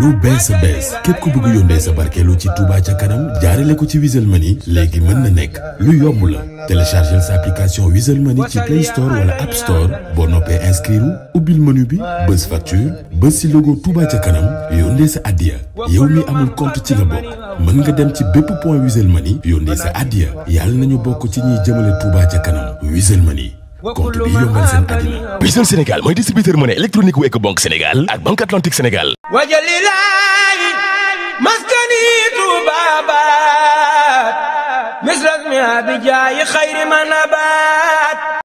lu bees bees képp ku bëgg yónnee sa barkeelu ci Touba ca kanam jaarale ko ci Wizall Money léegi mën na nekk lu yomb la téléchargel sa application Wizall Money ci Play Store wala App Store boo noppee inscrire ubbil menu bi bës facture bës si logo Touba ca kanam yónnee sa addiya yow mi amul compte ci nga bokk mën nga dem ci bépp point Wizall Money yónnee sa addiya yàlla nañu bokk ci ñuy jëmale Touba ca kanam Wizall Money compte bi yombal seen àddina Bichri Sénégal mooy distributeur monnaie électronique wu Ecobank Sénégal ak Banque Atlantique Sénégal wajalilaayi maskani tubabat misras mi abijaayi xayri manabat